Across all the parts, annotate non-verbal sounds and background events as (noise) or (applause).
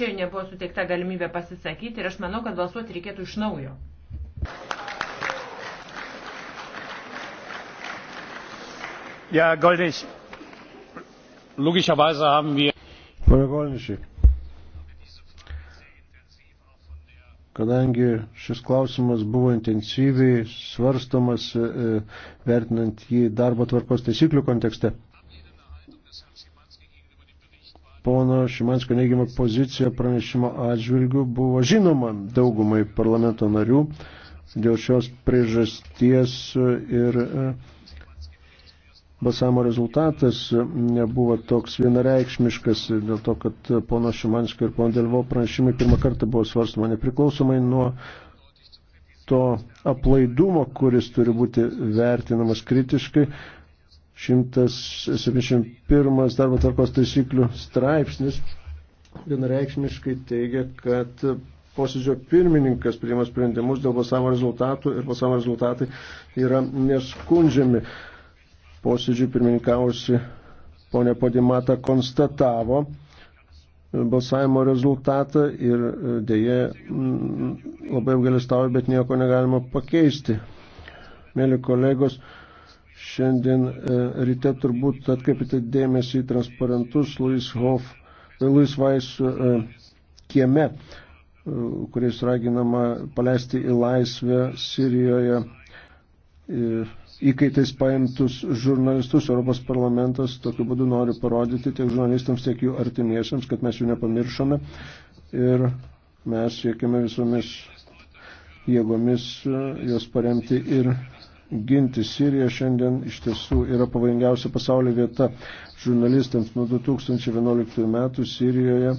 čia nebuvo suteikta galimybė pasisakyti ir aš manau, kad balsuoti reikėtų iš naujo. Ja, Goldisch. Logischerweise haben wir. Pone Golnišiai, kadangi šis klausimas buvo intensyviai svarstomas, e, vertinant jį darbo tvarkos taisyklių kontekste, pono Šimansko neigiama pozicija pranešimo atžvilgių buvo žinoma daugumai parlamento narių. Dėl šios priežasties ir e, balsavimo rezultatas nebuvo toks vienareikšmiškas, dėl to, kad pono Šimansko ir pono Delvo pranešimai pirmą kartą buvo svarstama nepriklausomai nuo to aplaidumo, kuris turi būti vertinamas kritiškai 171 darbo tvarkos taisyklių straipsnis vienareikšmiškai teigia, kad posėdžio pirmininkas priima sprendimus dėl balsavimo rezultatų ir balsavimo rezultatai yra neskundžiami. Posėdžiui pirmininkavusi ponė Podimata konstatavo balsavimo rezultatą ir e, dėje labai apgalėstauju, bet nieko negalima pakeisti. Mėly kolegos, Šiandien e, ryte turbūt atkreipite dėmesį į transparentus Louis Hoff, e, Louis Weiss e, kieme, kuriais raginama paleisti į laisvę Sirijoje įkaitais paimtus žurnalistus. Europos parlamentas tokiu būdu nori parodyti tiek žurnalistams, tiek jų artimiesiams, kad mes jų nepamiršome. Ir mes siekime visomis jėgomis juos paremti ir ginti Siriją šiandien iš tiesų yra pavojingiausia pasaulio vieta žurnalistams nuo 2011 metų Sirijoje.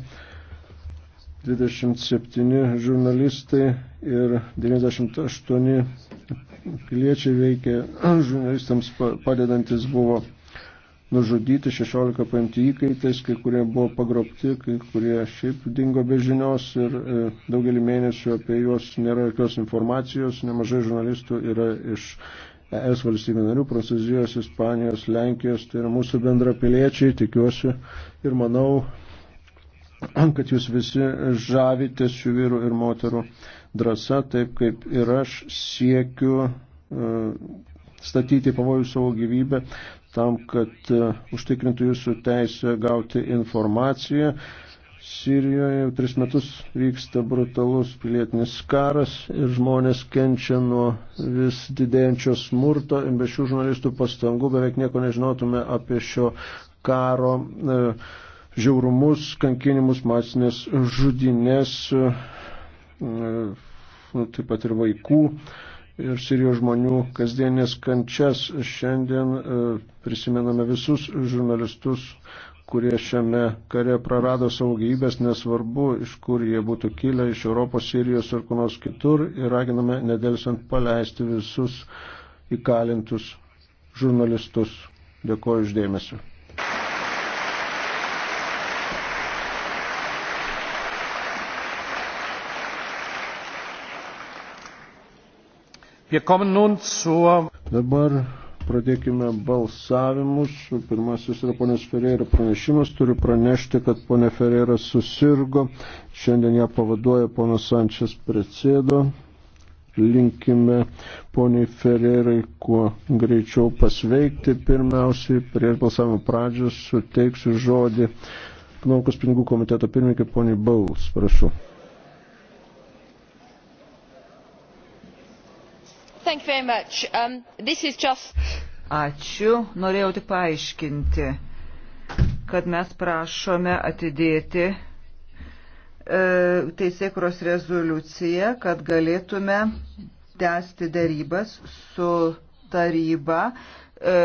27 žurnalistai ir 98 piliečiai veikia (clears throat) žurnalistams padedantis buvo nužudyti, 16 paimti įkaitais, kai kurie buvo pagrobti, kai kurie šiaip dingo be žinios ir e, daugelį mėnesių apie juos nėra jokios informacijos, nemažai žurnalistų yra iš ES valstybių narių, Prancūzijos, Ispanijos, Lenkijos, tai yra mūsų bendrapiliečiai, tikiuosi ir manau, (clears throat) kad jūs visi žavitės šių vyrų ir moterų drąsa, taip kaip ir aš siekiu e, statyti pavojų savo gyvybę tam, kad e, užtikrintų jūsų teisę gauti informaciją. Sirijoje jau tris metus vyksta brutalus pilietinis karas ir žmonės kenčia nuo vis didėjančio smurto ir be šių žurnalistų pastangų beveik nieko nežinotume apie šio karo e, žiaurumus, kankinimus, masinės žudinės, e, nu, taip pat ir vaikų ir Sirijos žmonių kasdienės kančias. Šiandien e, prisimename visus žurnalistus, kurie šiame kare prarado savo gyvybės, nesvarbu, iš kur jie būtų kilę, iš Europos, Sirijos ar kur nors kitur, ir raginame nedėlsant paleisti visus įkalintus žurnalistus. Dėkuoju uždėmesiu. Dabar pradėkime balsavimus. Pirmasis yra ponės Ferreira pranešimas. Turiu pranešti, kad ponė Ferreira susirgo. Šiandien ją pavaduoja ponas Sančias Precėdo. Linkime poniai Ferrerai kuo greičiau pasveikti. Pirmiausiai, prieš balsavimo pradžios suteiksiu žodį Ekonomikos pinigų komiteto pirmininkai poniai Bauls. Prašau. Um, just... Ačiū. Norėjau tik paaiškinti, kad mes prašome atidėti e, teisėkros rezoliuciją, kad galėtume tęsti darybas su taryba. E,